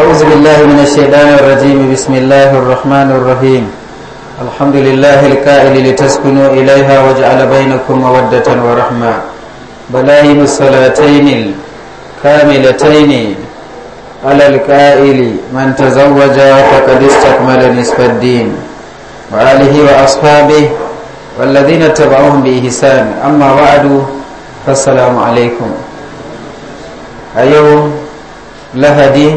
أعوذ بالله من الشيطان الرجيم بسم الله الرحمن الرحيم الحمد لله الكائل لتسكنوا إليها وجعل بينكم مودة ورحمة بلاين الصلاتين الكاملتين على الكائل من تزوج فقد استكمل نصف الدين وآله وأصحابه والذين اتبعوهم بإحسان أما بعد فالسلام عليكم اليوم لهدي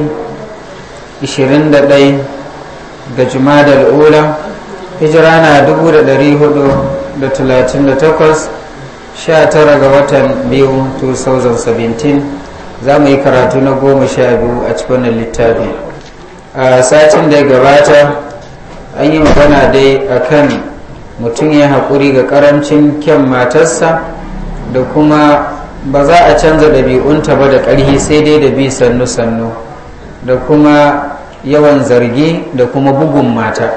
21 ga da ula hijira na sha 19 ga watan biyu 2017 za mu yi karatu na goma sha biyu a cikin littafi a satin da ya gabata an yi magana dai a kan mutum ya haƙuri ga ƙarancin kyan matarsa da kuma ba za a canza ɗabi'unta ba da ƙarhi sai dai da bi sannu-sannu da kuma yawan zargi da kuma bugun mata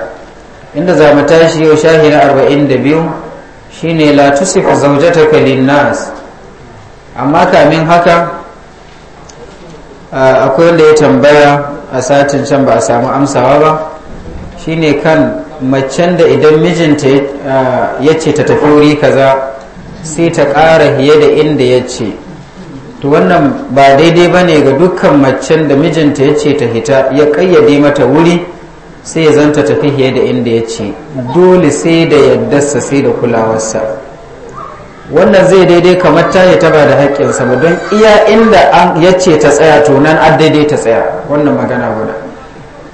inda za mu tashi yau shahi na 42 shine la tusif zawjataka linnas amma kamin haka akwai wanda ya tambaya a satin can ba a samu amsawa ba shine kan macen da idan mijinta ya ce ta tafi wuri kaza sai ta ƙara hiye da inda ya ce to wannan ba daidai ba ne ga dukkan macen da mijinta ya ce ta hita ya kayyade mata wuri sai ya zanta tafi fiye da inda ya ce dole sai da yaddarsa sai da kulawarsa wannan zai daidai kamar ta hita ba da haƙƙinsa ba don iya inda ya ce ta tsaya to nan an daidai ta tsaya wannan magana guda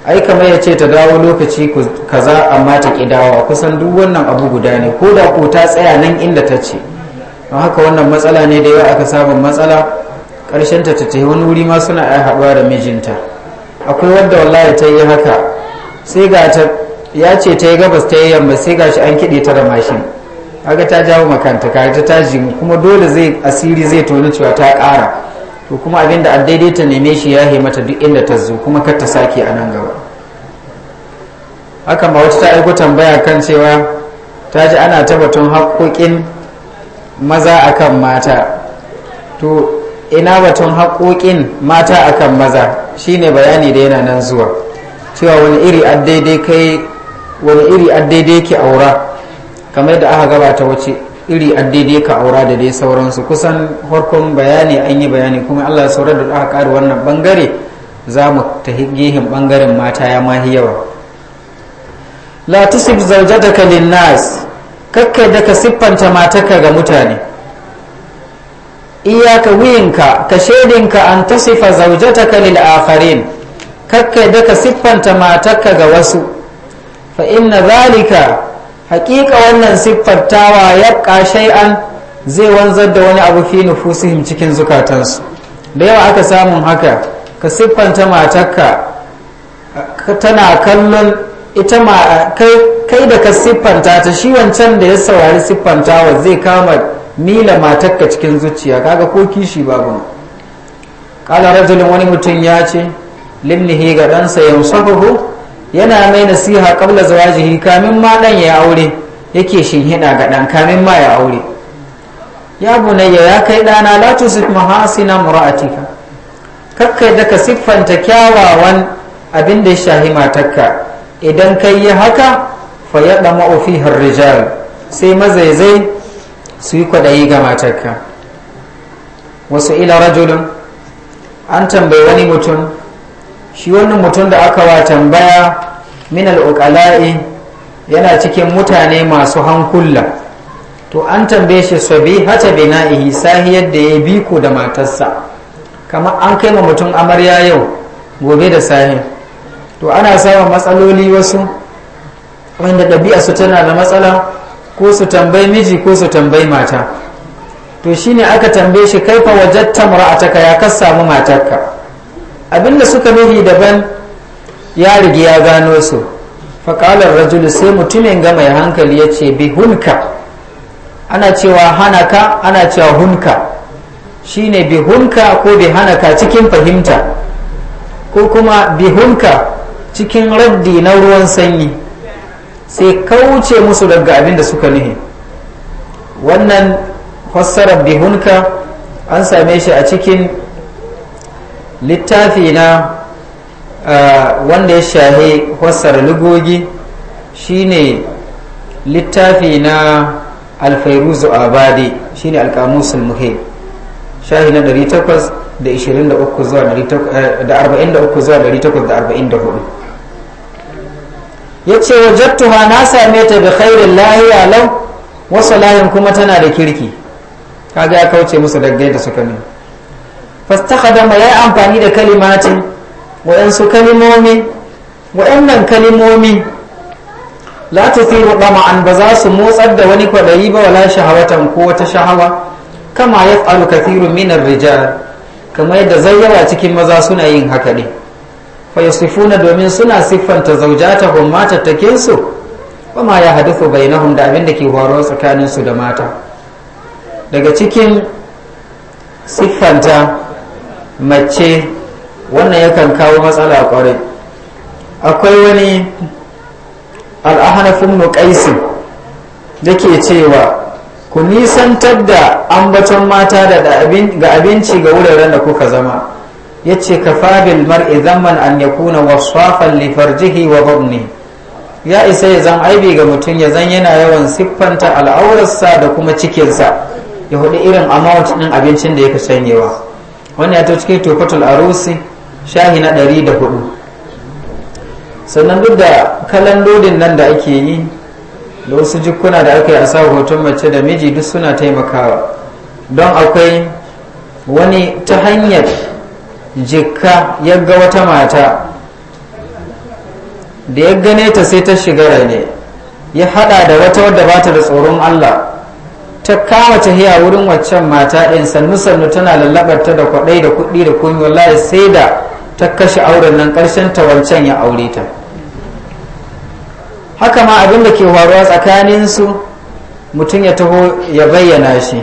ai kamar ya ce ta dawo lokaci kaza amma ta ƙi dawowa kusan duk wannan abu guda ne ko da ko ta tsaya nan inda ta ce don haka wannan matsala ne da yawa aka sabon matsala ƙarshen ta ta wani wuri ma suna ai haɗuwa da mijinta akwai wadda wallahi ta yi haka sai ga ta ya ce ta yi gabas ta yi yamma sai ga shi an kiɗe ta da mashin kaga ta jawo makanta kare ta taji kuma dole zai asiri zai tona cewa ta ƙara to kuma abin da daidai ta neme shi ya mata duk inda ta zo kuma kar ta sake a nan gaba haka ma wata ta aiko tambaya kan cewa ta ji ana tabbatun haƙoƙin maza akan mata to ina batun haƙoƙin mata akan maza shine bayani da yana nan zuwa cewa wani iri addaidai kai wani iri addaidai ke aura kamar da aka gabata wace iri addaidai ka aura da dai sauransu kusan farkon bayani an yi bayani kuma allah saurar da aka ƙara wannan bangare za mu ta gihin bangaren mata ya mahi yawa la tusib zawjataka lin nas kakkai da ka siffanta matarka ga mutane iyaka wuyinka ka shaidinka an ta zaujataka lil akharin kakkai da ka siffanta matarka ga wasu fa inna zalika haƙiƙa wannan siffantawa ya an zai wanzar da wani abu fi nufusihim cikin zukatansu da yawa aka samun haka ka siffanta matarka tana kallon ita ma kai kai da ka siffanta ta shi wancan da ya saurari siffantawa zai kama mila matakka cikin zuciya kaga ko kishi babu kala rajulin wani mutum ya ce limnihi ga ɗansa yamsahuhu yana mai nasiha kabla zawajihi kamin ma ɗan ya aure yake hina ga ɗan kamin ma ya aure ya bunayya ya kai ɗana la tusif mahasina mura'atika kakkai da ka siffanta kyawawan abin da shahi matakka idan kai yi haka fayyada ma'ofi dama har rijal sai mazaizai su yi kwaɗayi ga matarka wasu ila rajulun an tambayi wani mutum shi wannan mutum da aka wa tambaya min al'ukala'i yana cikin mutane masu hankula to an tambaye shi sabi hata bina'ihi sahi yadda ya bi ko da matarsa kamar an kai ma mutum amarya yau gobe da sahi to ana samun matsaloli wasu wanda ɗabi'a su tana da matsala ko su tambayi miji ko su tambayi mata to shine aka tambaye shi kai fa wajatta mar'ataka ya ka samu matarka abinda suka nuhi daban ya rigi ya gano su faƙalar rajulu sai mutumin ga mai hankali ya ce bi hunka ana cewa hanaka ana cewa hunka shine bi hunka ko bi hanaka cikin fahimta ko kuma bi hunka cikin raddi na ruwan sanyi sai kauce musu daga abin da suka nihi wannan fassarar bihunka an same shi a cikin littafi na wanda ya shahe fassara lugogi shine littafi na alfairuzu abadi shine alkamusul muhe shahi na 823 zuwa 844 ya ce wajattuha na same ta da khairin lahiya lau wasu layin kuma tana da kirki kaga ya kauce musu da suka ya amfani da kalimati waɗansu kalimomi waɗannan kalimomi la tuthiru an ba za su motsar da wani kwaɗayi ba wala shahawatan ko wata shahawa kama ya yaf'alu kathirun minar rijal kamar yadda zayyawa cikin maza suna yin haka ne fayasifuna domin suna siffanta zaujatahum matattakin su ba ma ya hadithu bai da abin da ke horo tsakanin su da mata daga cikin siffanta mace wannan yakan kawo matsala kwarai akwai wani al'ahanafin mukaisi da ke cewa ku nisantar da ambaton mata ga abinci ga wuraren da kuka zama yace ka fabil mar'i zaman an yakuna wasfafan li farjihi wa dhabni ya isa ya zan aibi ga mutum ya zan yana yawan siffanta al'aurarsa da kuma cikinsa ya hudu irin amount din abincin da yake sanyewa. wannan ya to cikin tofatul arusi shahi na ɗari da hudu sannan duk da kalandodin nan da ake yi da wasu jikuna da aka yi a sa hoton mace da miji duk suna taimakawa don akwai wani ta hanyar jikka ya ga wata mata da ya gane ta sai ta shiga ne ya hada da wata wadda ba ta da tsoron Allah ta kama ta hiya wurin waccan mata ɗin sannu sannu tana lallabar ta da kwaɗai da kuɗi da komi wallahi sai da ta kashe auren nan ƙarshen ta wancan ya aure ta haka ma abin da ke faruwa tsakanin su mutum ya taho ya bayyana shi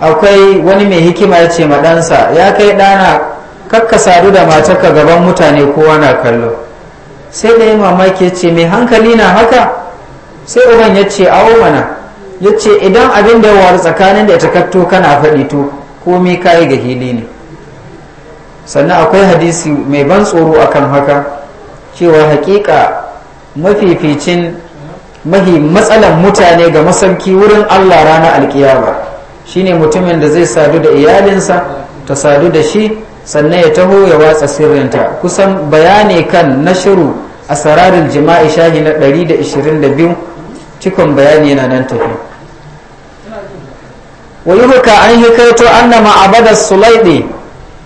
akwai wani mai hikima ya ce ma ɗansa ya kai ɗana kakka sadu da matarka gaban mutane kowa na kallo sai da ya mamaki ce mai hankali na haka sai uban ya ce awo mana ya ce idan abin da ya waru tsakanin da ita katto kana faɗi to komai kayi ga hili ne sannan akwai hadisi mai ban tsoro akan haka cewa hakika mafificin mahi matsalan mutane ga masauki wurin allah rana alkiyama shine mutumin da zai sadu da iyalinsa ta sadu da shi sannan ya taho ya watsa sirrinta kusan bayani kan nashiru a sararin jima'i shahi na 122 cikon bayani yana nan tafi wa yuhka an hikaito anna ma'abadar sulaidi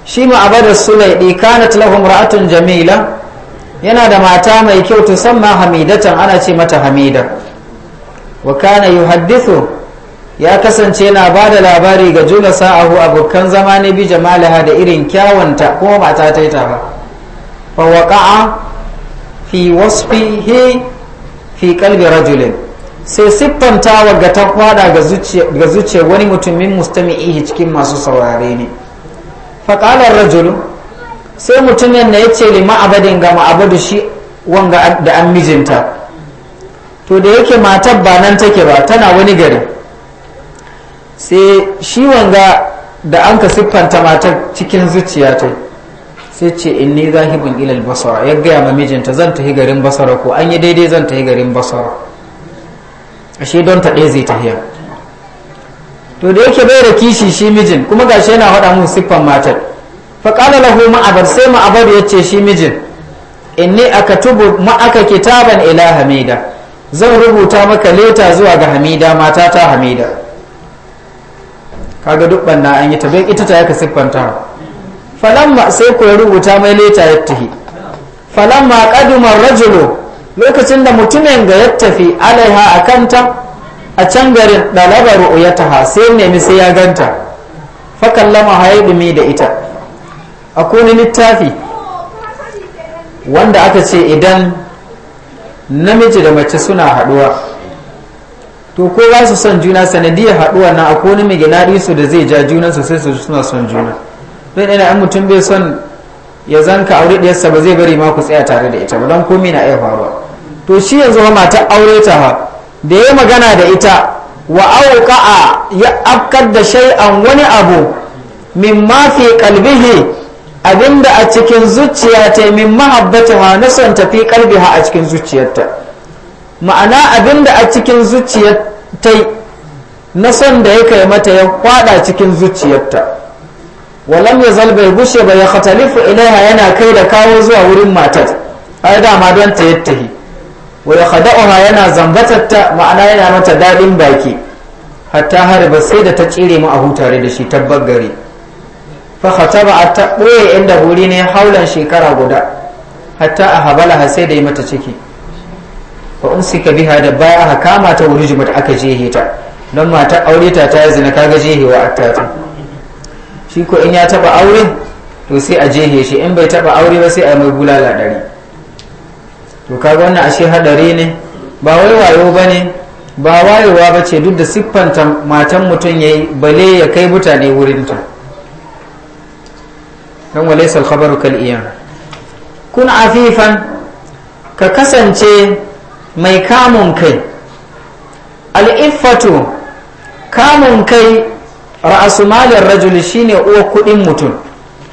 shi ma'abadar sulaidi kanat lahum ra'atun jamila yana da mata mai kyau tusamma hamidatan ana ce mata hamida wa kana yuhaddithu ya kasance yana ba da labari ga jula sa'ahu abokan zama ne bi jamaliha da irin kyawunta kuma ba ta taita ba fa waqa'a fi wasfihi fi qalbi rajulin sai siffanta ga ta kwada ga zuciya wani mutumin mustami'i cikin masu saurare ne fa qala rajulu sai mutumin na yace lima abadin ga abadu shi wanga da an mijinta to da yake matar ba nan take ba tana wani gari sai shi wanga da an ka siffanta matar cikin zuciya ta sai ce in ne za zahibin ilal basara ya gaya ma mijinta zan tafi garin basara ko an yi daidai zan tafi garin basara ashe don ta ɗaya zai tafiya to da yake bai da kishi shi mijin kuma shi yana faɗa mun siffan matar faƙala lahu ma'abar sai ma'abar ya ce shi mijin ne aka tubu ma'aka kitaban ila hamida zan rubuta maka leta zuwa ga hamida matata hamida kaga duk banna an yi ta ita ta yaka siffanta falamma sai ko rubuta mai leta ya tafi falamma kaduma rajulu lokacin da mutumin ga ya tafi alaiha a a can garin dalaba ru'uyataha sai nemi sai ya ganta fa fakallama haidumi da ita a littafi wanda aka ce idan namiji da mace suna haduwa to ko ba su son juna sanadiyar haɗuwa na ko wani mai gina su da zai ja juna su sai su suna son juna don ina an mutum bai son ya zanka aure ɗiyarsa ba zai bari ma ku tsaya tare da ita ba don komai na iya faruwa to shi yanzu ma mata aure ta ha da ya magana da ita wa auqa'a ya afkar da shay'an wani abu min ma fi qalbihi abinda a cikin zuciya ta min mahabbata na son tafi fi qalbiha a cikin zuciyarta ma'ana abin da a cikin zuciyar ta na son da ya kai mata ya kwada cikin zuciyarta walam ya zal bai gushe ba ya khatalifu ilaiha yana kai da kawo zuwa wurin matar ai ma don ta yattahi wa ya khada'uha yana zambatarta ma'ana yana mata daɗin baki hatta harba sai da ta tsire mu a hutare da shi tabbar gari fa khataba ta boye inda huri ne haulan shekara guda hatta a habala sai da yi mata ciki fa umsika biha da baya aka kama ta wuri jumat aka jehe ta don mata aure ta ta zina kaga jehewa a tatu shi ko in ya taba aure to sai a jehe shi in bai taba aure ba sai a mai bulala ɗari to kaga wannan ashe hadari ne ba wai wayo ba ne ba wayewa ba ce duk da siffanta matan mutum ya yi bale ya kai mutane wurinta don walaisal khabaru kal iyan kun afifan ka kasance mai kamun kai al'iffatu kamun kai ra'asumalin rajuli shine uwa kudin mutum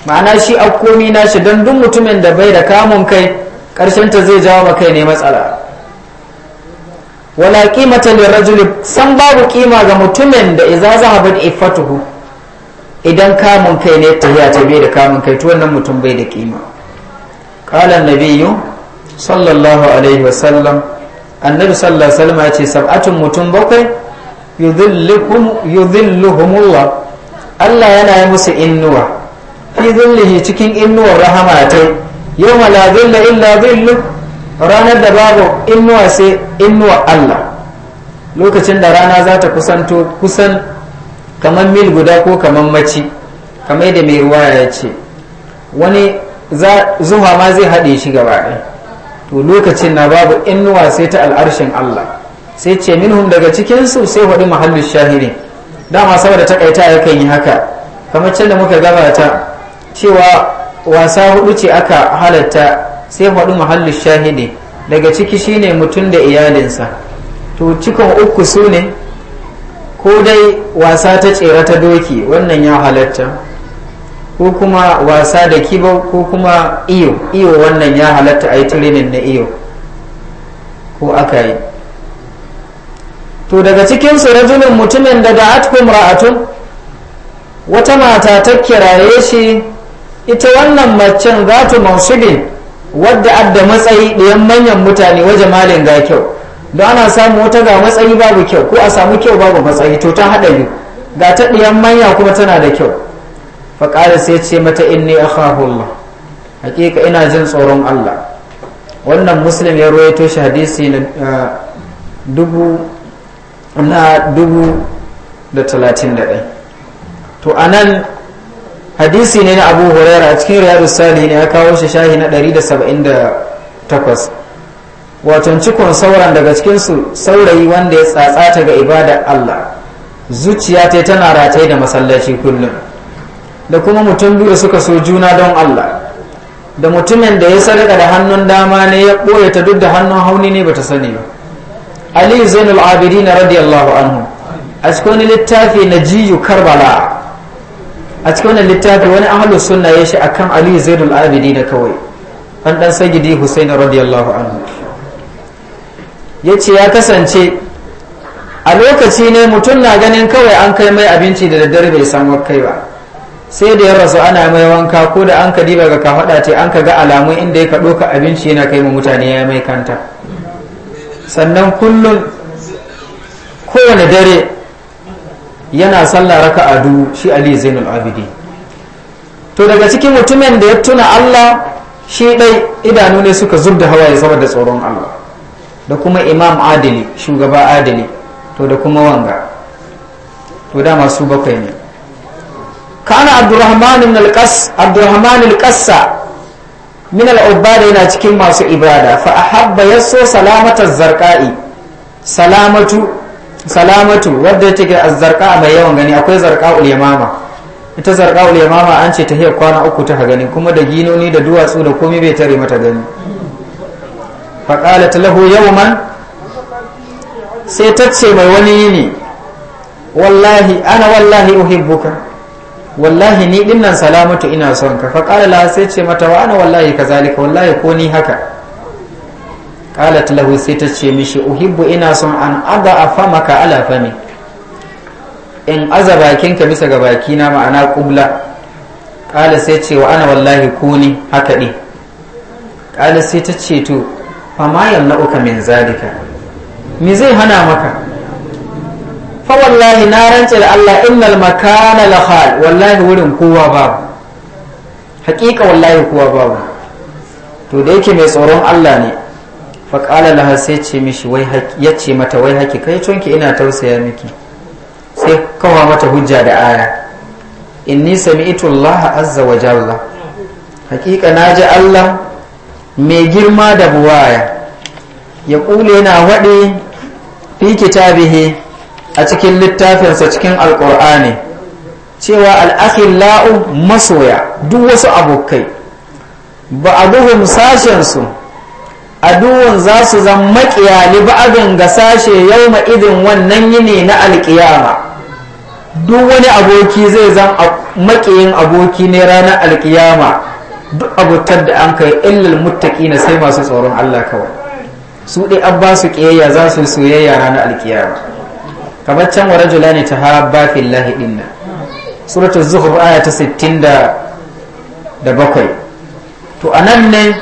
ma'ana shi a komi nashi don duk mutumin da bai da kamun kai ta zai jawo kai ne matsala wala kimata lil rajuli san babu kima ga mutumin da idza zahabat ifatuhu idan kamun kai ne tafiya ta bai da kamun kai to wannan mutum bai da kima qala an-nabiyyu sallallahu alaihi wasallam annabi sallallahu alaihi wasallam ya ce sab'atun mutum bakwai yudhilluhumullah Allah yana yi musu innuwa fi zillihi cikin innuwar rahama ta yau la zilla illa zillu ranar da babu innuwa sai innuwa Allah lokacin da rana za ta kusanto kusan kamar mil guda ko kamar maci kamar da mai ruwa ya ce wani zuwa ma zai haɗe shi gaba ɗaya to lokacin na babu inuwa sai ta al'arshin Allah sai ce minhum daga su sai hudu mahallu shahiri dama saboda takaita yakan yi haka kamar can da muka gabata cewa wasa hudu ce aka halatta sai hudu mahallu shahidi daga ciki shine mutum da iyalinsa to cikon uku su ne ko dai wasa ta tsere ta doki wannan ya halatta ko kuma wasa da kibo ko kuma iyo iyo wannan ya halatta a yi training na iyo ko aka yi to daga cikinsu rajulun mutumin da da atkum ra'atun wata mata ta kiraye shi ita wannan macen zatu mansubin wadda adda matsayi ɗayan manyan mutane waje malin ga kyau don ana samu wata ga matsayi babu kyau ko a samu kyau babu matsayi to ta haɗa biyu ga ta ɗiyan manya kuma tana da kyau faƙari sai ce mata inni akhahullah hakika ina jin tsoron Allah wannan muslim ya ruwaito shi hadisi na dubu na dubu da talatin da ɗai to a nan hadisi ne na abu huraira a cikin riyadu sali ne ya kawo shi shahi na ɗari 178 watan cikon sauran daga cikinsu saurayi wanda ya tsatsata ga ibadar allah zuciya ta tana rataye da masallaci kullum da kuma mutum biyu suka so juna don Allah da mutumin da ya sadaka da hannun dama ne ya ɓoye ta duk da hannun hauni ne bata sani ba ali zainul abidin radiyallahu anhu a cikin wani littafi na jiyu karbala a cikin wani littafi wani ahalus sunna ya shi akan ali zainul abidin kawai an dan sagidi husain radiyallahu anhu ya ce ya kasance a lokaci ne mutum na ganin kawai an kai mai abinci da daddare bai samu kai ba sai da ya rasu ana mai wanka ko da an ka diba ga kafaɗa ce an ka ga alamu inda ya kaɗo ka abinci yana kai ma mutane ya mai kanta sannan kullum kowane dare yana sallah raka a dubu shi ali zainul abidi to daga cikin mutumin da ya tuna allah shi ɗai idanu ne suka zub da hawaye saboda tsoron allah da kuma imam adili shugaba adili to da kuma wanga to dama su bakwai ne kana abdurrahman al-qas abdurrahman al-qassa min al-ubada yana cikin masu ibada fa ahabba yaso salamata zarqa'i salamatu salamatu wadda take azzarqa mai yawan gani akwai zarqa'ul yamama ita zarqa'ul yamama an ce ta hiyar kwana uku ta gani kuma da ginoni da duwatsu da komai bai tare mata gani fa qalat lahu yawman sai ta ce mai wani yini wallahi ana wallahi uhibbuka wallahi ni din nan salamatu ina son ka fa qala la sai ce mata wa ana wallahi kazalika wallahi ko ni haka qalat lahu sai ta ce mishi uhibbu ina son an aga afamaka ala fami in aza bakinka bisa ga bakina ma'ana kubla qala sai ce wa ana wallahi ko ni haka din qala sai ta ce to fa ma uka min zalika me zai hana maka fa wallahi na rance da Allah innal makana la khal wallahi wurin kowa babu haƙiƙa wallahi kowa babu to da yake mai tsoron Allah ne fa qala laha sai ce mishi wai yace mata wai haki kai tonki ina tausaya miki sai kawa mata hujja da aya inni sami'tu Allah azza wa jalla haƙiƙa ji Allah mai girma da buwaya ya kule na waɗe fi kitabihi a cikin littafinsa cikin alƙur'ani cewa la'u masoya duk wasu abokai ba a duhun sashensu duhun za su zan maƙiya liba'adin ga sashe yau idin wannan yini na alƙiyama duk wani aboki zai zan maƙiyin aboki ne ranar alƙiyama duk abotar da an kai illal muttaki na sai masu tsoron Allah kawai su ɗai an ba su ƙiyayya za su soyayya ranar alƙiyama kamar can wa rajula ne ta habba fillahi dinna suratu zuhur aya ta da bakwai. to a nan ne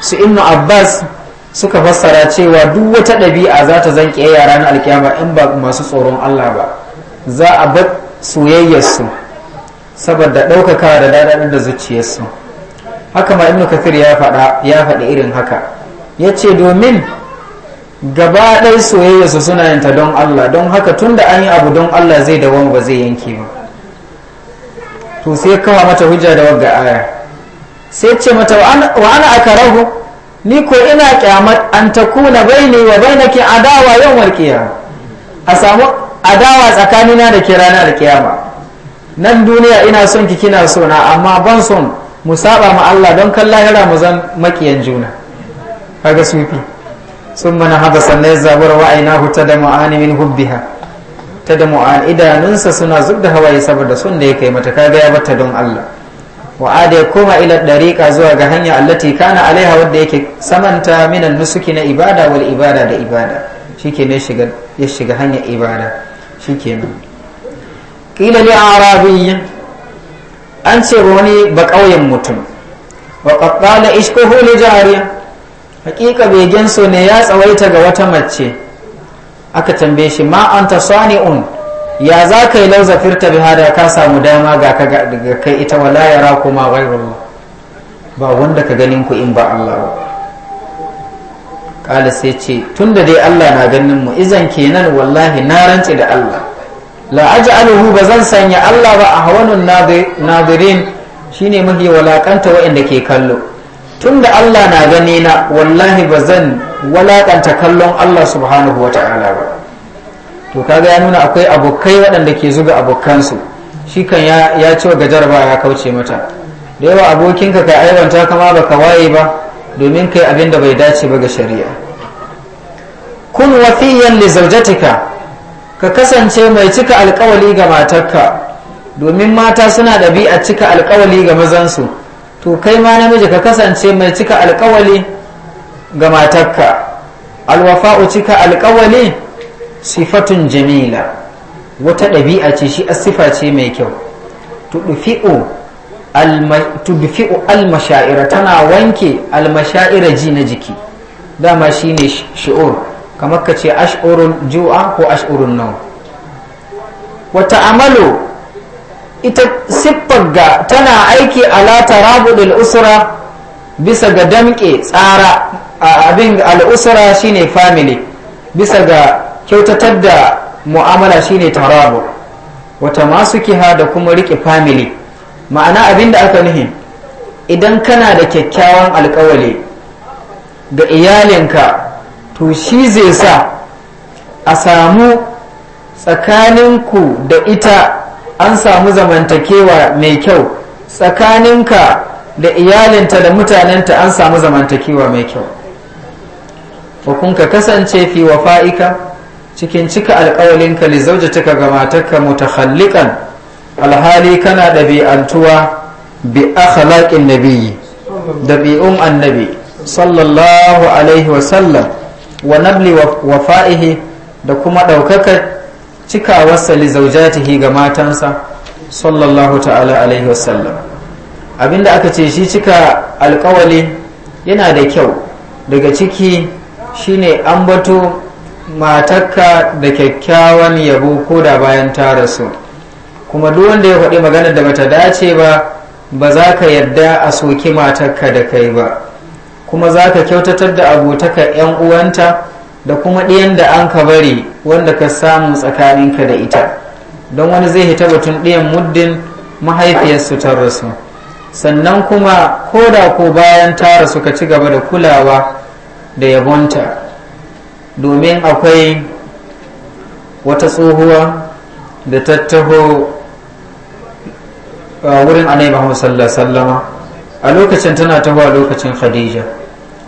su Inu abbas suka fassara cewa duk wata ɗabi'a za ta zan zanke yara na alkiyama in ba masu tsoron Allah ba za a bar soyayyarsu saboda ɗaukaka da daɗaɗin da zuciyarsu haka ma ibnu kafir ya ya faɗi irin haka ya ce domin gaba ɗai su suna yin don Allah don haka tun da an yi abu don Allah zai wani ba zai yanke ba to sai kawa mata hujja da wagga aya sai ce mata wa ana akarahu ni ko ina kyamar an bai ne, wa bai bainaki adawa yau warkiya a samu adawa tsakanina da ke da kiyama nan duniya ina son ki kina so amma ban son mu saba ma Allah don kallan yara mu zan makiyan juna kaga sufi mana haɗa sannan zabura wa da tadmu'ani min hubbiha tadmu'an idanunsa suna zub da hawaye saboda sun da kai mata kaga ya bata don Allah wa ada ya koma ila dariqa zuwa ga hanya allati kana alaiha wadda yake samanta minan nusuki na ibada wal ibada da ibada shikenan shiga ya shiga hanya ibada shikenan qila li arabiyyin an ce wani ba kauyen mutum wa qaddala ishkuhu li jariya hakika begen so ne ya tsawaita ga wata mace aka tambaye shi ma an ta sani'un ya za ka yi lauza firta bihada ka samu dama ga kai ita wala ya ra kuma ghairullah ba wanda ka ganin ku in ba Allah ba kala sai ce tun da dai Allah na ganin mu izan kenan wallahi na rance da Allah la aj'aluhu ba zan sanya Allah ba a hawanun nadirin shine mahi walakanta waɗanda ke kallo tunda Allah na gani na wallahi ba zan walakanta kallon Allah subhanahu wata'ala ba to kaga ya nuna akwai abokai waɗanda ke zuga abokansu shi kan ya ci gajar ba ya kauce mata da yawa abokinka ka aiwanta kama ba ka waye ba domin kai abin da bai dace ba ga shari'a kun wafiyan li zaujatika ka kasance mai cika alkawali ga matarka domin mata suna ɗabi'a cika alkawali ga mazansu to kai ma namiji ka kasance mai cika alkawali ga matarka alwafa'u cika alkawali sifatun jamila wata ɗabi'a ce shi asifa ce mai kyau tudfi'u almashaira tana wanke almashaira ji na jiki dama shi shine shi'ur kamar ka ce ash'urun ju'a ko ash'urun nau wata amalo ita siffar ga tana aiki ala da usra bisa ga damke tsara abin al'usra shine family bisa ga kyautatar da mu'amala shine tarabu wata masu kiha da kuma rike family ma'ana abin da aka nuhi idan kana da kyakkyawan alkawali ga iyalinka to shi zai sa a samu tsakaninku da ita an samu zamantakewa mai kyau tsakaninka da iyalinta da mutanenta an samu zamantakewa mai kyau kun ka kasance fi fa'ika cikin cika alkawalinka li ka ga matakka mutakhalliqan alhali kana ɗabi'antuwa bi akhlaqin nabiyyi dabi'un annabi sallallahu alaihi wa sallam wa nabli da kuma ɗaukakar cikawarsa li zaujatihi ga matansa sallallahu ta'ala alaihi wasallam abinda aka ce shi cika alkawali yana da kyau daga ciki shine bato matakka da kyakkyawan yabo ko da bayan ta rasu kuma duk wanda ya faɗi magana da bata dace ba ba za ka yadda a soki matakka da kai ba kuma za ka kyautatar da abotaka 'yan uwanta da kuma ɗiyan da an ka bari wanda ka samu tsakaninka da ita don wani zai hita batun ɗiyan muddin mahaifiyarsu ta rasu sannan kuma ko da ko bayan ta rasu ka ci gaba da kulawa da yabonta domin akwai wata tsohuwa da taho wurin anai sallama a lokacin tana taho a lokacin khadija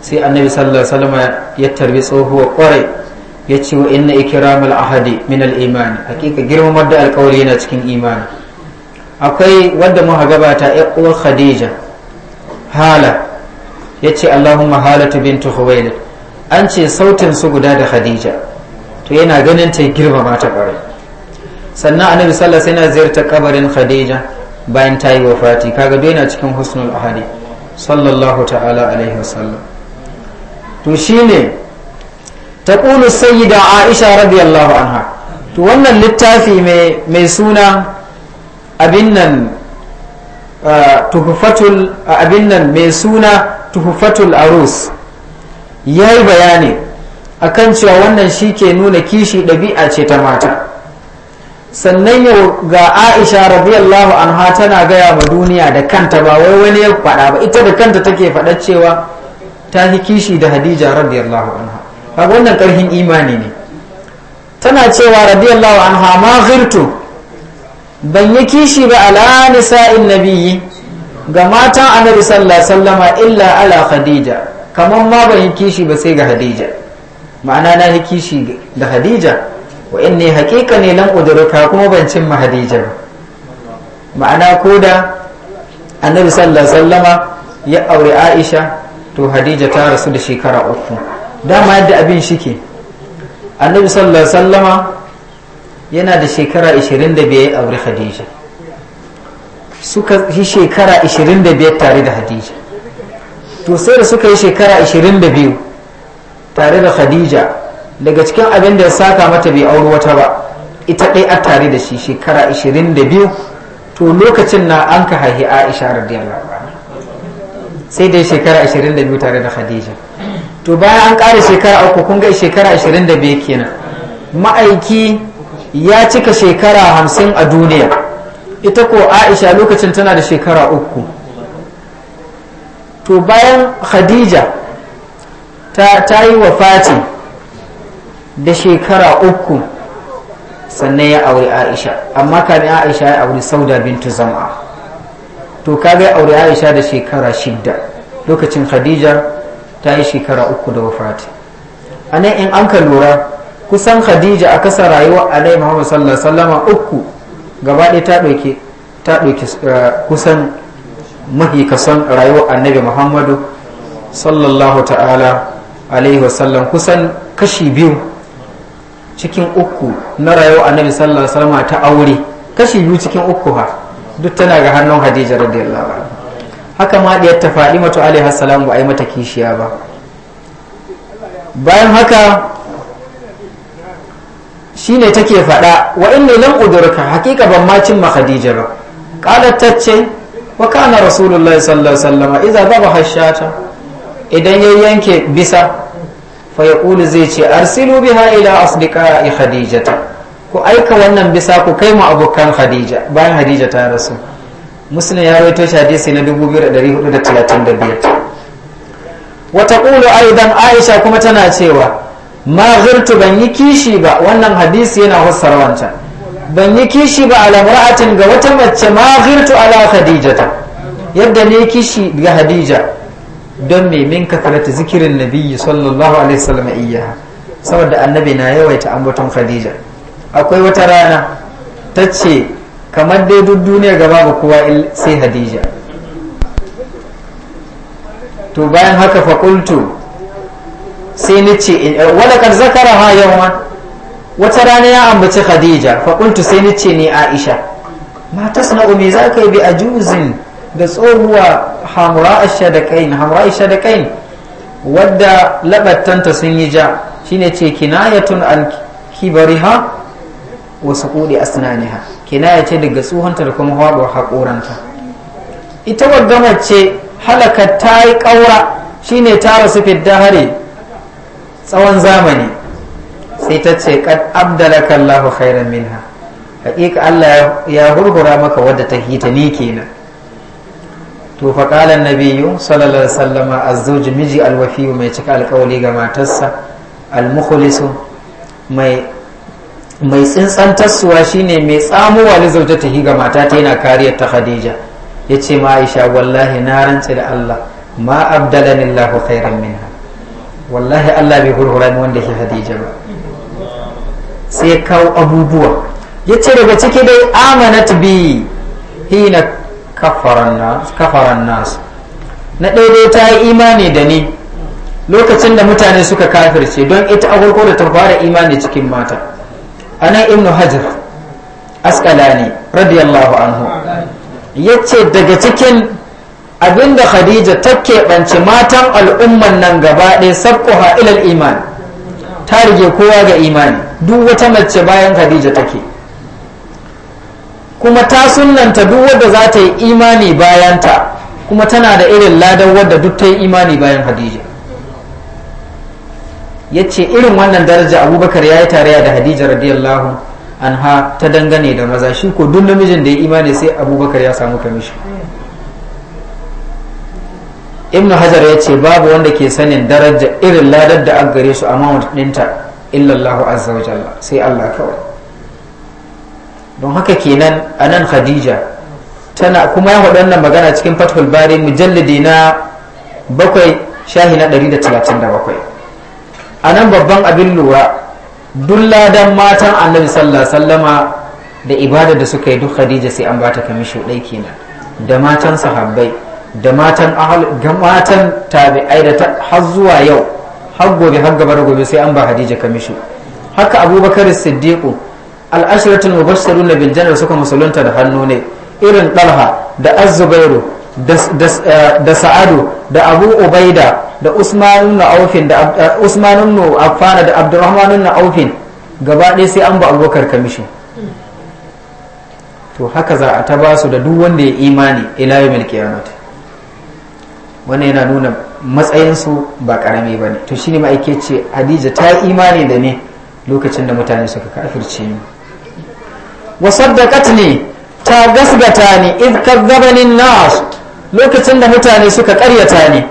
sai annabi sallallahu alaihi wasallam ya tarbi tsohuwa kwarai ya ce wa inna ikramul ahadi min al imani hakika girmamar da alkawari yana cikin imani akwai wanda muka gabata ya uwar khadija hala ya ce allahumma halatu bintu khuwailid an ce sautin su guda da khadija to yana ganin ta girmama ta kware sannan annabi sallallahu alaihi wasallam yana ziyartar kabarin khadija bayan ta yi wafati kaga dai yana cikin husnul ahadi sallallahu ta'ala alaihi wasallam to shine ta ƙulu da aisha radiyallahu anha to wannan littafi mai suna uh, uh, abin nan mai suna tuhufatul arus ya yi bayani A kan cewa wannan shi ke nuna kishi ɗabi'a ce ta mata sannan yau ga aisha radiyallahu anha tana gaya ma duniya da kanta ba wai wani ya faɗa ba ita da kanta take faɗa cewa ta kishi da hadija radiyallahu anha kaga wannan karhin imani ne tana cewa radiyallahu anha ma ghirtu ban yi kishi ba ala nisa'in nabiyyi ga matan annabi sallallahu alaihi illa ala khadija kaman ma ban yi kishi ba sai ga hadija ma'ana na yi kishi da hadija wa inni haqiqa ne lan udurka kuma ban cin ma hadija ba ma'ana ko da sallallahu alaihi wasallama ya aure aisha to hadija ta rasu da shekara uku dama yadda abin shike annabi sallallahu sallama yana da shekara 25 a wuri hadija suka yi shekara 25 tare da hadija to sai da suka yi shekara 22 tare da hadija daga cikin abin da ya saka mata bai auri wata ba ita ɗaya a tare da shi shekara 22 to lokacin na an ka haihi aisha radiyallahu sai dai shekara 22 tare da khadija to bayan an ƙara shekara uku kun ga shekara 22 kenan ma'aiki ya cika shekara hamsin a duniya ita ko aisha lokacin tana da shekara uku to bayan khadija ta, ta yi wafati da shekara uku sannan ya aure aisha amma kamin aisha ya aure sauda bintu zama to ka ga aure aisha da shekara shidda lokacin khadija ta yi shekara uku da wafati a nan in an ka lura kusan khadija a kasa rayuwa a alai muhammad sallallahu sallama uku gaba ɗaya ta ɗauki ta ɗauki eh, kusan mafi kason rayuwa annabi muhammadu sallallahu ta'ala alaihi wasallam kusan kashi biyu cikin uku na rayuwa annabi sallallahu wasallama ta aure kashi biyu cikin uku ha duk tana ga hannun Hadija radiyallahu anha haka ma diyar ta Fadimatu alaiha salam ba a mata kishiya ba bayan haka shine take faɗa wa inni lam udurka hakika ban ma cimma hadija ba qalat tace wa kana rasulullahi sallallahu alaihi wasallam idza dhabaha shata idan ya yanke bisa fa yaqulu zai ce arsilu biha ila asdiqa'i khadijata ku aika wannan bisa ku kai mu abokan Khadija bayan Khadija ta rasu muslim ya rawaito shi hadisi na 2435 wata ƙulu aidan aisha kuma tana cewa ma zurtu ban yi kishi ba wannan hadisi yana hussar wancan ban yi kishi ba ala mura'atin ga wata mace ma zurtu ala ta. yadda ne kishi ga hadija don me min kafarata zikirin nabi sallallahu alaihi wasallam iyyaha saboda annabi na yawaita ambaton khadija akwai wata rana ta ce kamar dai duk duniyar gaba ga kowa sai hadija to bayan haka fakultu sai ni ce eh, eh, wadda kan zakara ha yawon wata rana ya ambaci hadija fakultu sai ni ce ni aisha ma tasna'u me za ka yi bi a juzin da tsohuwa hamura aisha da kain hamura aisha da kain wadda labatanta sun yi ja shine ce kinayatun an ha. wasu kuɗi asnaniha kinaya ce daga tsohonta da kuma haɗuwar haƙoranta ita wadda mace halaka ta yi ƙaura shine ta rasu fiddahari tsawon zamani sai ta ce kad abdalaka Allahu khairan minha haƙiƙa Allah ya hurhura maka wadda ta hita ni kenan to fa qala annabiyyu sallallahu alaihi wasallam azzawj miji alwafi mai cika alƙawli ga matarsa almukhlisu mai mai tsintsantarsuwa shine mai tsamowa na zauta ta ga mata ta yana kariyar ta khadija ya ce ma aisha wallahi na rantse da allah ma abdalani allahu khairan minha wallahi allah bai hurhura ni wanda ke khadija ba sai kawo abubuwa ya ce daga ciki dai amanat bi hina kafaran nasu na daidai ta yi imani da ni lokacin da mutane suka kafirce don ita a da ta fara imani cikin mata a ibnu hajar askalani radiyallahu anhu ya ce daga cikin abinda khadija ta keɓance matan al'umman nan gaba ɗaya sabkuha ilal iman ta rige kowa ga imani duk wata mace bayan khadija take kuma ta sunanta duk wadda za ta yi imani bayanta kuma tana da irin ladan wadda duk ta yi imani bayan khadija ya ce irin wannan daraja abubakar ya yi tarayya da hadija radiyallahu anha ta dangane da maza shi ko duk namijin da ya imani sai abubakar ya samu kamishi ibn hajar ya ce babu wanda ke sanin daraja irin ladar da an gare su a mount dinta illallahu azza wa jalla sai allah kawai don haka kenan a nan khadija tana kuma ya wannan magana cikin fathul bari mujallidi na bakwai shahi na 137 a nan babban abin lura duk ladan matan annabi sallallahu sallama da ibada da suka yi duk khadija sai an bata kamisho ɗai kenan da matan sahabbai da matan ga matan tabi'ai da ta har zuwa yau har gobe har gaba da gobe sai an ba khadija kamisho haka abubakar siddiqu al-ashratul na bil janna suka musulunta da hannu ne irin dalha da az-zubairu Eh, da sa'adu da abu ubaida da usmanun na aufin da eh, usmanun na afana da abdurrahmanun na aufin gaba ɗaya sai an ba abubakar kamishi to haka za a ta ba su da duk wanda ya imani ila yawmil qiyamah wannan yana nuna matsayinsu ba karami ba ne to shine ma'aike ce hadija ta yi imani da ne lokacin da mutane suka kafirce ni wa saddaqat ne ta gasgata ni id kadhabani nas lokacin da mutane suka karyata ne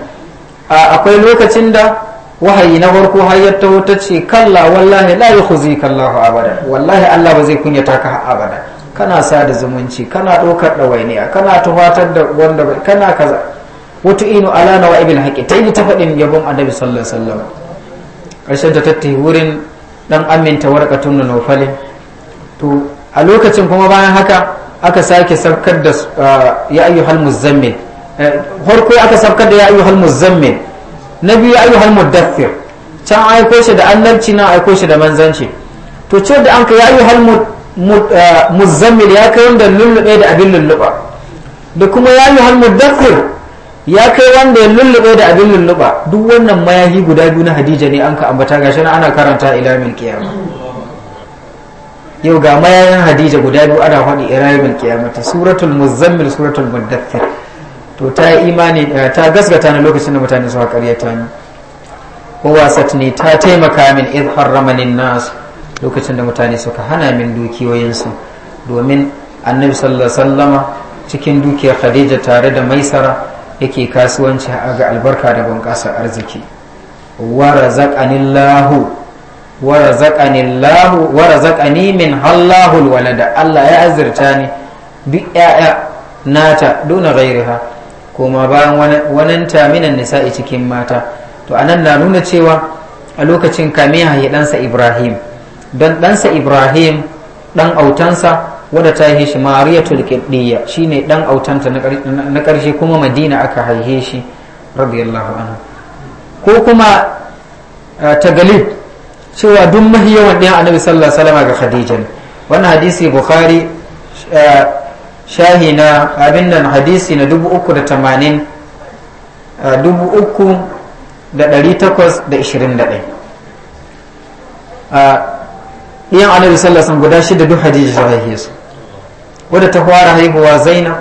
akwai lokacin da wahayi na farko har ta wuta ce kalla wallahi la yukhzi kallahu abada wallahi Allah ba zai kunyata ka abada kana sa da zumunci kana dokar da waini kana tuhatar da wanda bai kana kaza wato inu ala na wa'ibil haqi ta yi ta fadin yabon annabi sallallahu alaihi wasallam ƙarshen ta tatti wurin ɗan aminta warkatun da naufalin to a lokacin kuma bayan haka aka sake saukar da ya ayyuhal muzammil farko aka sabkar da ya ayyuhal muzammil na biyu ayyuhal muddaffir can aiko shi da annabci na aiko shi da manzanci to ce da an ka ya ayyuhal eh, muzammil ya kai wanda lullube da abin lulluba da kuma ya ayyuhal muddaffir ya kai wanda ya lullube da abin lulluba duk wannan mayahi guda biyu na hadija ne an ka ambata gashi na ana karanta ila min kiyama yau ga mayayin hadija guda biyu ana faɗi ila mil kiyama ta suratul muzammil suratul muddaffir to ta yi imani eh, ta gasgata ni lokacin da mutane suka ta ni wawasat ne ta taimaka min id harramanin nas lokacin da mutane suka hana min dukiyoyinsu domin annabi sallallahu sallama cikin dukiyar khadija tare da maisara yake kasuwanci a ga albarka da bunƙasa arziki warazaqanillahu warazaqanillahu warazaqani min hallahul walada Allah ya azirta ni duk 'ya'ya nata duna ghairiha koma bayan waninta minan nisa'i cikin mata to anan na nuna cewa a lokacin kamiya ya ɗansa ibrahim don ɗansa ibrahim ɗan autansa wadda ta yi shi mariyatul shi ne ɗan autanta na ƙarshe kuma madina aka haihe shi radiyallahu anhu ko kuma tagalib cewa duk mahi yawan ɗayan annabi sallallahu alaihi ga khadija wannan hadisi bukhari shahi na abin nan hadisi na dubu uku da tamanin dubu uku da ɗari takwas da ishirin da ɗaya iyan alaihi sallasan guda shida duk hadisi ta haihe su wadda ta fara haihuwa zaina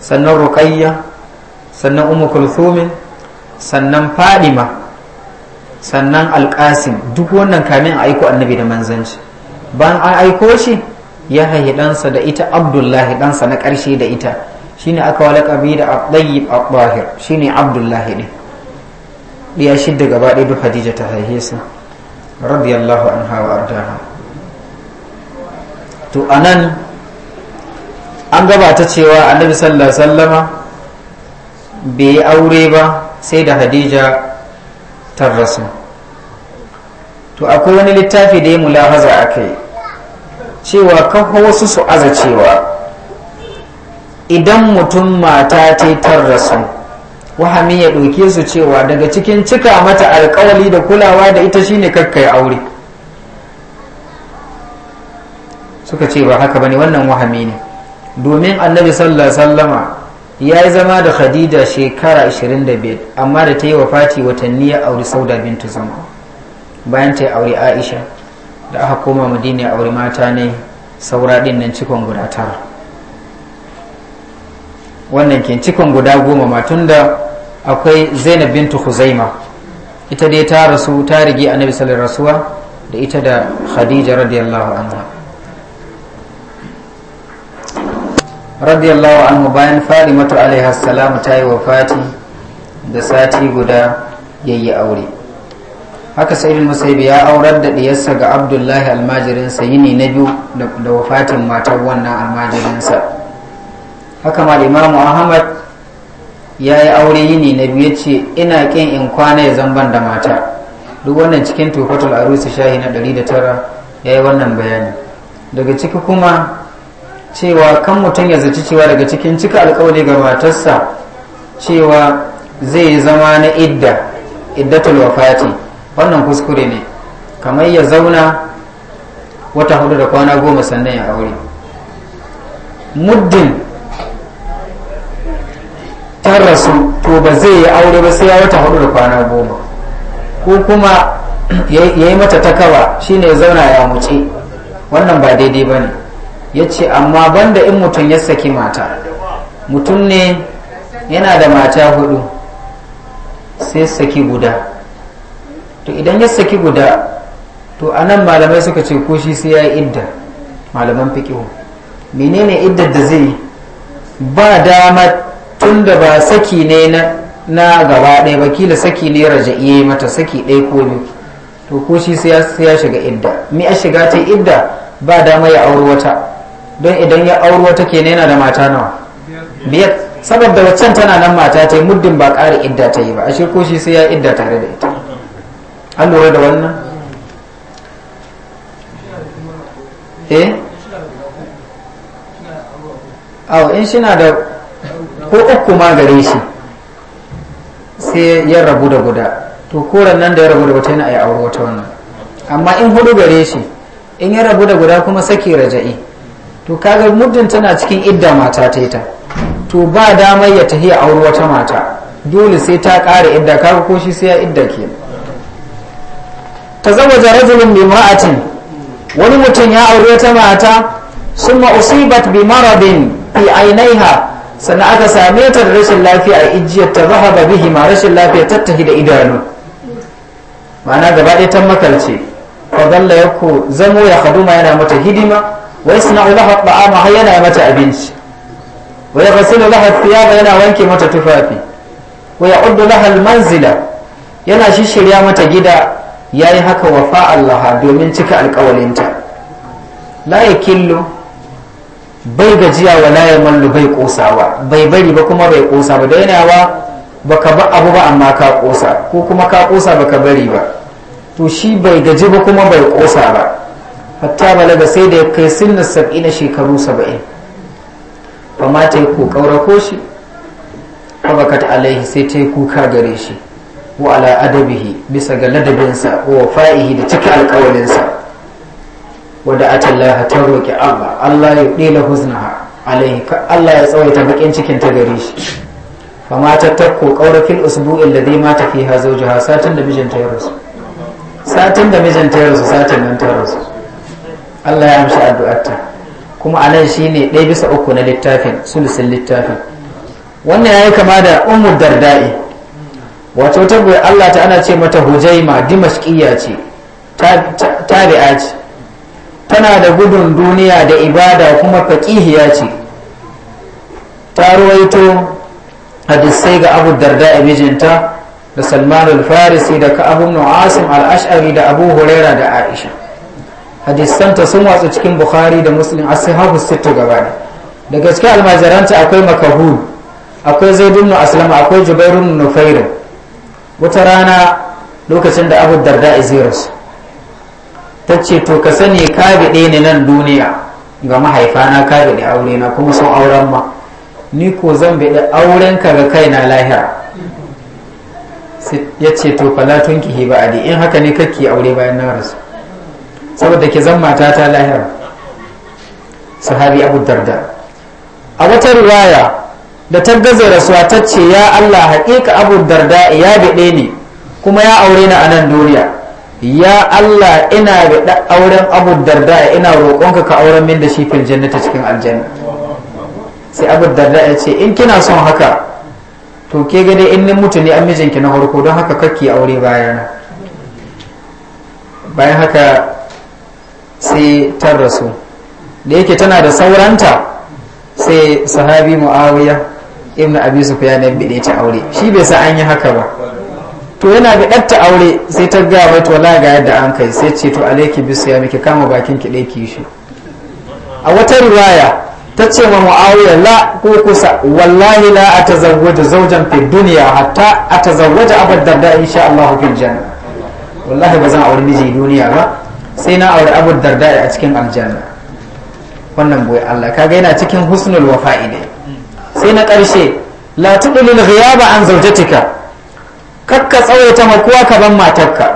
sannan Rukayya sannan umu kulthumin sannan fadima sannan alƙasim duk wannan kamin a aiko annabi da manzanci Ban an aiko shi ya haihi ɗansa da ita abdullahi ɗansa na ƙarshe da ita shine aka wa ƙabi da abdayyib abdahir shine abdullahi ne ɗiya shidda gaba ɗaya duk hadija ta haihe su radiyallahu an hawa ardaha to a nan an gabata cewa annabi sallallahu sallama bai yi aure ba sai da hadija ta rasu to akwai wani littafi da ya mulahaza a kai cewa kafa wasu su aza cewa idan mutum mata ta rasu wahami ya ɗauke su cewa daga cikin cika mata alkawali da kulawa da ita shine kakkai aure suka ce ba haka bane wannan wahami ne domin annabi sallallahu sallama ya yi zama da khadija shekara 25 amma da ta yi wa Fati watanni ya auri sauda bintu zama bayan ta yi aure aisha da aka koma madina a wuri mata ne saura ɗinnan nan cikon guda tara wannan ke cikon guda goma matun da akwai zainab bintu huzaima ita dai ta rasu ta rigi annabi sallar rasuwa da ita da khadija radiyallahu anha radiyallahu anhu bayan fadi matar alaihi ta yi wa fati da sati guda yayi aure haka sa'idul musaibi ya aurar da diyarsa ga abdullahi almajirinsa yini na biyu da wafatin matar wannan almajirinsa haka ma imamu ahmad ya yi aure yini na biyu ce ina kin in kwana ya zamban da mata duk wannan cikin tofatul arusi shahi na 109 ya yi wannan bayani daga ciki kuma cewa kan mutum ya zaci cewa daga cikin cika alkawari ga matarsa cewa zai zama na idda iddatul wafati wannan kuskure ne kamar ya zauna wata hudu da kwana goma sannan ya aure muddin ta rasu to ba zai yi aure ba sai ya wata hudu da kwana goma ko kuma ya yi mata takawa shine ya zauna ya muce wannan ba daidai ba ne ya ce amma banda in mutum ya saki mata mutum ne yana da mata hudu sai saki guda to idan ya saki guda to a nan malamai suka ce ko shi sai ya yi idda malaman fiƙihu menene idda da zai ba dama tun da ba saki ne na gaba ɗaya ba kila saki ne yi mata saki ɗaya ko biyu to ko shi sai ya shiga idda mi a shiga ta idda ba dama ya auri wata don idan ya auri wata ke yana da mata nawa biyar saboda waccan tana nan mata ta yi muddin ba ƙara idda ta yi ba ashe ko shi sai ya idda tare da ita an lura da wannan eh awo in shina da ko uku ma gare shi sai ya rabu da guda to koren nan da ya rabu da wata yana a yi aure wata wannan amma in hudu gare shi in ya rabu da guda kuma sake raja'i to kaga muddin tana cikin idda mata ta ita to ba damar ya tahiya auro wata mata dole sai ta ƙara idda kaga ko shi sai ya idda kenan ta tazawaja rajulun bi imra'atin wani mutum ya aure ta mata summa usibat bi mara maradin fi ainaiha sannan aka same ta da rashin lafiya a ijiyarta ta zahaba bihi ma rashin lafiya tattahi da idanu ma'ana gaba ɗaya ta makalce fadalla ya ko zamo ya haduma yana mata hidima wai yasna'u laha ta'ama har yana mata abinci wa yaghsilu laha thiyaba yana wanke mata tufafi wa ya'uddu laha manzila yana shishirya mata gida ya yi haka wafa allaha domin cika alkawalinta la killo bai gajiya wa la ya mallu bai kosawa bai bari ba kuma bai kosa ba dainawa baka ba abu ba amma ka kosa ko kuma ka kosa baka bari ba to shi bai gaji ba kuma bai kosa ba hatta balaga sai da ya kai sinna sab'i na shekaru saba'in ba ma ta yi ko ko shi ta alaihi sai ta yi kuka gare shi wa ala adabihi bisa ga ladabinsa wa fa'ihi da cikin alkawalinsa wadda a atallaha ta roƙi Abba, Allah ya ɗila huznaha alaihi ka Allah ya tsawaita baƙin cikin ta gare shi fama ta takko ƙaurafin usbu'in da zai mata fi ha zaujiha satin da mijinta ya rasu satin da mijinta ya rasu satin nan ta rasu Allah ya amshi addu'arta kuma a anan shine ɗaya bisa uku na littafin sulisin littafin wannan ya yi kama da ummu dardai wato ta bai Allah ta ana ce mata hujaima dimaskiya ce tabi'a ce tana da gudun duniya da ibada kuma faƙihiya ce ta ruwaito hadisai ga abu darda a mijinta da salman al-farisi da ka'abun nu'asim al-ash'ari da abu huraira da aisha hadisanta sun watsa cikin bukhari da muslim asihahu sittu gaba da gaske almajiranta akwai makahu akwai zaidun aslama akwai jubairun nufairu wata rana lokacin da abu darda izirarsu ta ce to ka sani ka biɗe ni nan duniya ga mahaifana ka biɗe aure na kuma sun auren ma ni ko zan biɗe auren ka ga kai na lahira ya ce to fala tunki ki ba adi in haka ne kake aure bayan na rasu saboda ki zan mata ta lahira sahabi abu darda a wata riwaya da ta gaza rasuwa ta ce ya Allah haƙiƙa abu darda ya biɗe ni kuma ya aure ni a nan duniya ya Allah ina biɗa auren abu darda ina roƙonka ka auren min da shi fil jannata cikin aljanna sai abu darda ya ce in kina son haka to ke gade in ni mutu ne an mijinki na farko don haka kakki aure bayan bayan haka sai ta rasu da yake tana da sauranta sai sahabi mu'awiya ibn abi sufyan ya da ta aure shi bai sa an yi haka ba to yana ga ɗatta aure sai ta ga wai to wala ga yadda an kai sai ce to alaiki bisu ya miki kama bakin ki dai ki shi a wata riwaya ta ce ma mu'awiya la ko kusa wallahi la atazawwaja zawjan fi dunya hatta atazawwaja abad darda insha Allah fil janna wallahi ba zan aure miji duniya ba sai na aure abud darda a cikin aljanna wannan boye Allah kaga yana cikin husnul wafa'i ne sai na ƙarshe la tudlil ghiyaba an zawjatika kakka tsawaita makuwa ka ban matarka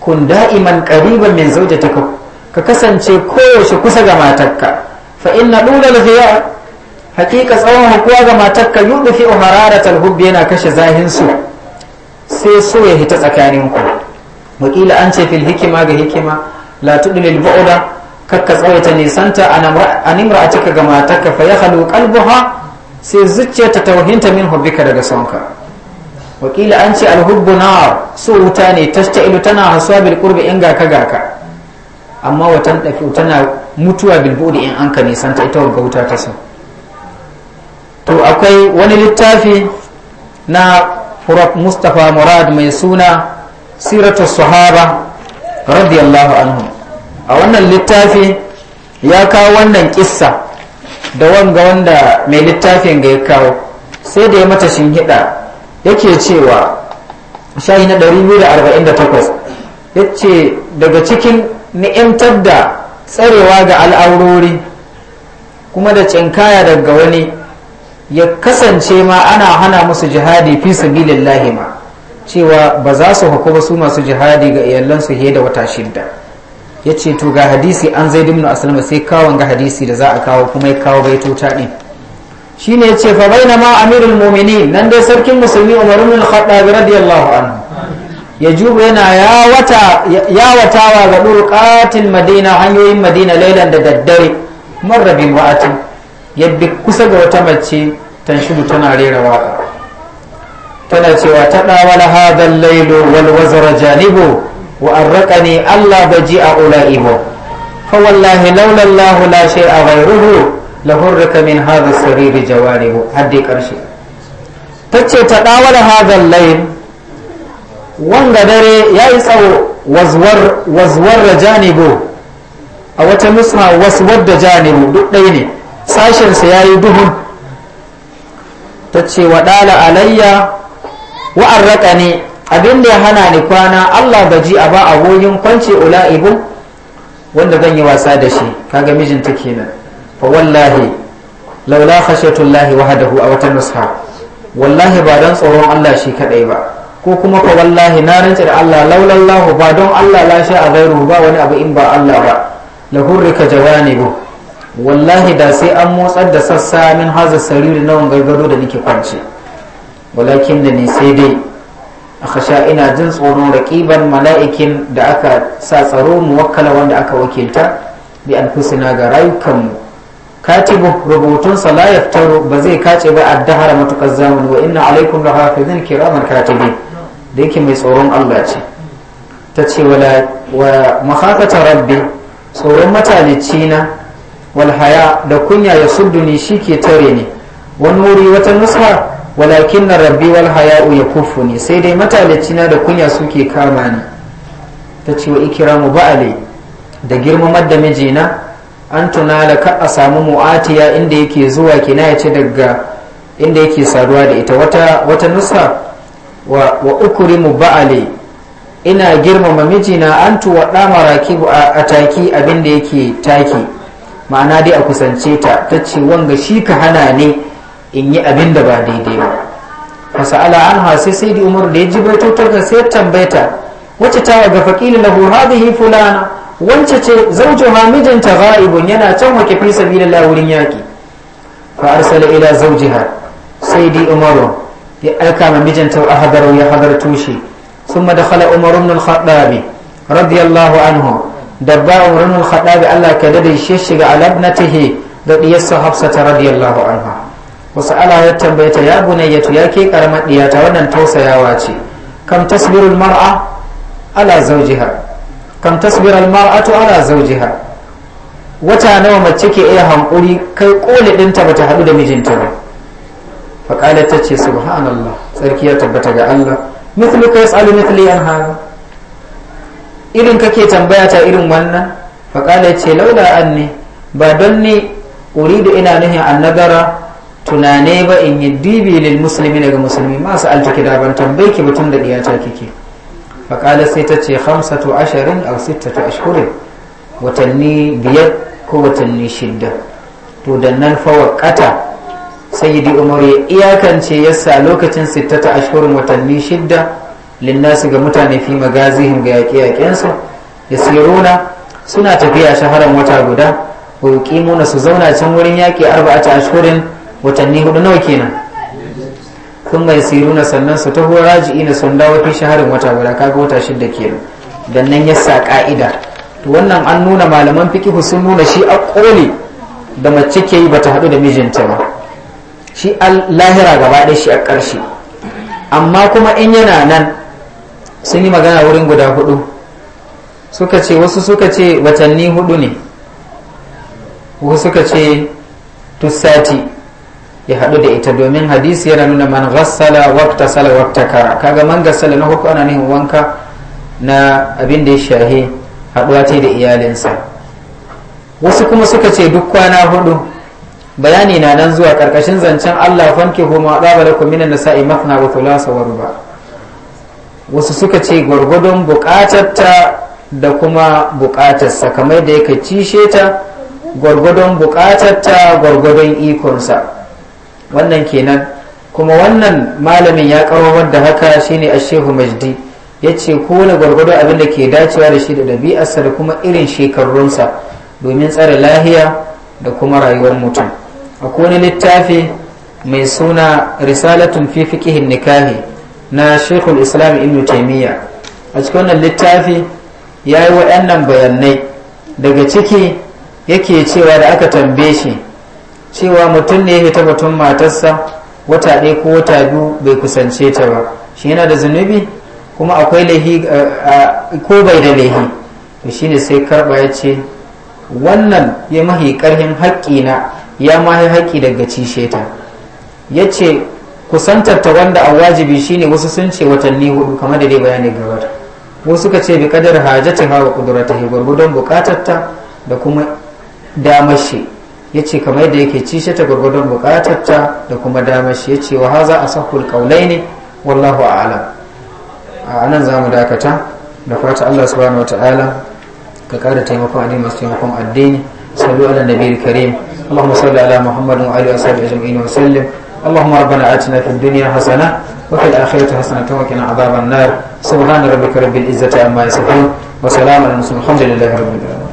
kun da'iman qariban min zawjatika ka kasance koyaushe kusa ga matarka fa inna dulal ghiyab haqiqa tsawon makuwa ga matarka yudfi hararatal hubbi yana kashe zahin su sai so ya hita tsakaninku wakila an ce fil hikima ga hikima la tudlil kakka tsawaita nisanta a a cika ga matarka fa yakhlu kalbuha sai ta tauhinta min hubbika daga sonka wakila an ce alhubbu na so wuta ne ilu tana hasuwa bil qurbi in ga ka ga ka amma watan dafi tana mutuwa bil in an ka nisanta ita wa wuta ta so to akwai wani littafi na Prof Mustapha Murad mai suna Siratu Sahaba radiyallahu anhu a wannan littafi ya kawo wannan kissa da wanga wanda mai littafin ga ya kawo sai da ya mata shinhiɗa yake cewa shahi na 248 ya ce daga cikin ni'imtar da tsarewa ga al'aurori kuma da cinkaya daga wani ya kasance ma ana hana musu jihadi fi sabilillahi ma cewa ba za su hukuma su masu jihadi ga iyalansu he da wata shidda ya ce to ga hadisi an zai dimnu asalama sai kawon ga hadisi da za a kawo kuma ya kawo bai tuta ɗin shi ne ya ce fa bai na ma mumini nan dai sarkin musulmi umar ibn al-khattab radiyallahu anhu ya juba yana yawatawa ga ɗurƙatin madina hanyoyin madina lailan da daddare marrabin wa'atin yadda kusa ga wata mace tanshidu tana rera waƙa tana cewa ta ɗawala hadal lailu wal wazara janibu وأرقني الله بجيء أولئهم فوالله لولا الله لا شيء غيره لهرك من هذا السرير جوانب حدي كرشي تتشي تداول هذا الليل wanga dare ya yi tsawo wazwar da janibu a wata nusra waswar da janibu duk ɗaya ne sashensa ya yi duhun ta ce wa ɗala alayya wa'arraƙa ne abin da ya hana ni kwana Allah gaji a ba goyin kwance ula'ibu wanda zan yi wasa da shi kaga mijinta kenan fa wallahi laula khashiyatullahi wahdahu a wata nusha wallahi ba dan tsoron Allah shi kadai ba ko kuma fa wallahi na rantsa da Allah laulallahu ba don Allah la sha a gairu ba wani abu in ba Allah ba la hurrika jawanibu wallahi da sai an motsar da sassa min hazar sariri na wangargado da nake kwance walakin da ni sai dai akhasha ina jin tsoron raƙiban mala'ikin da aka sa tsaro mu wakala wanda aka wakilta bi anfusina ga rayukanmu katibu rubutun la yaftaru ba zai kace ba addahara matukar zamani wa inna alaikum la hafizin kiraman katibi da yake mai tsoron Allah ce ta ce wa mahafata rabbi tsoron matalici na wal haya da kunya ya sudduni shi ke tare ne wani wuri wata nusha walakin na rabbi wal haya'u ya kufu ne sai dai matalacina da kunya suke kama ni ta ce wa ikiramu ba'ale da girmamar da mijina an tuna da ka a samu mu'atiya inda yake zuwa kina ya ce daga inda yake saduwa da ita wata, wata nusa wa, ukurimu ba'ale ina girmama mijina an tuwa ɗama maraki a taki abinda yake taki ma'ana dai a kusance ta ta ce wanga shi ka hana ne in yi abin da ba daidai ba fasa'ala an sai sai di umar da ya ji baitotarka sai tambayta wacce ta ga faƙilin lahu hadhihi fulana wacce ce zaujuha mijinta ghaibun yana can wake fi sabilillah wurin yaki fa arsala ila zawjiha sai di umaru ya aika ma mijinta a hadaru ya tushe shi ma dakhala umar ibn al-khattab radiyallahu anhu dabba umar ibn al-khattab Allah ka dade shi shiga alabnatihi da diyarsa hafsata radiyallahu anha wasu ala ya ta ya bune ya ke karamar diyata wannan tausayawa ce kam tasbirul mar'a ala zaujiha kam tasbirul mar'atu ala zaujiha wata nawa mace ke iya hankuri kai kole dinta bata hadu da mijinta ba fa kala ta ce subhanallah sarki ya tabbata ga Allah mithlu ka yasalu mithli an hada irin kake tambaya ta irin wannan fa qala ce laula anni ba don ni uridu ina nuhin annabara tunane ba in yi dibi lil musulmi daga musulmi masu altaki da ban tambayi ki mutum da diyata kike faƙala sai ta ce hamsatu ashirin a ta ashirin watanni biyar ko watanni shidda to da nan fa waƙata sayyidi umar ya iyakance yasa lokacin ta ashirin watanni shidda linnasi ga mutane fi magazihim ga yaƙe-yaƙensu yasiruna suna tafiya shaharan wata guda wa muna su zauna can wurin yaƙi ta ashirin. watanni hudu nawa kenan sun mai na sannan su taho raji'i na sun dawo fi shaharin wata guda kaga wata shidda kenan dan nan ya sa ka'ida to wannan an nuna malaman fikihu sun nuna shi a koli da mace ke yi ta haɗu da mijinta ba shi lahira gaba ɗaya shi a ƙarshe amma kuma in yana nan sun yi magana wurin guda hudu suka ce wasu suka ce watanni hudu ne wasu suka ce tussati ya haɗu da ita domin hadisi yana nuna man ghassala wata kara kaga man ghassala na hukum ana nihin wanka na abin da ya shahe haɗuwa ce da iyalinsa wasu kuma suka ce duk kwana hudu bayani na nan zuwa karkashin zancen Allah fanke homa ɗaba da kumina na sa'i mafna wa thulasa wa ruba wasu suka ce gwargwadon buƙatarta da kuma buƙatarsa kamar da yake cishe ta gwargwadon buƙatarta gwargwadon ikonsa wannan kenan kuma wannan malamin ya karo da haka shine a shehu majdi ya ce kone gwargwado abin da ke dacewa da shi da ɗabi'arsa da kuma irin shekarunsa domin tsare lahiya da kuma rayuwar mutum akwai wani littafi mai suna risalatun fifikihin nikahi na shekul islam in taimiyya a cikin wannan littafi ya yi waɗannan bayanai daga ciki yake cewa da aka tambaye shi cewa mutum ne ya hita tun matarsa wata ɗaya ko wata biyu bai kusance ta ba shi yana da zunubi kuma akwai lahi eh, eh, ko bai da lahi to shine sai karɓa ya ce wannan ya mahi ƙarhin haƙƙi na ya mahi haƙƙi daga cishe ta ya ce kusantar ta wanda a wajibi shine wasu sun ce watanni hudu kamar da dai bayani gabar wasu suka ce bi kadar hajjata hawa kudurata don bukatar ta da kuma damar shi ya ce kamar da yake shi ta gwargwadon bukatarta da kuma damar shi ya ce wa haza a sahul kaulai ne wallahu a'alam a nan za mu dakata da fata allah subhanahu wata'ala ka kara taimakon addini masu taimakon addini sallu ala nabiyil karim allahumma salli ala muhammadin wa alihi wa sahbihi ajma'in wa sallim اللهم ربنا آتنا في الدنيا حسنة وفي الآخرة حسنة وقنا عذاب النار سبحان ربك رب عما يصفون وسلام على المرسلين الحمد لله رب العالمين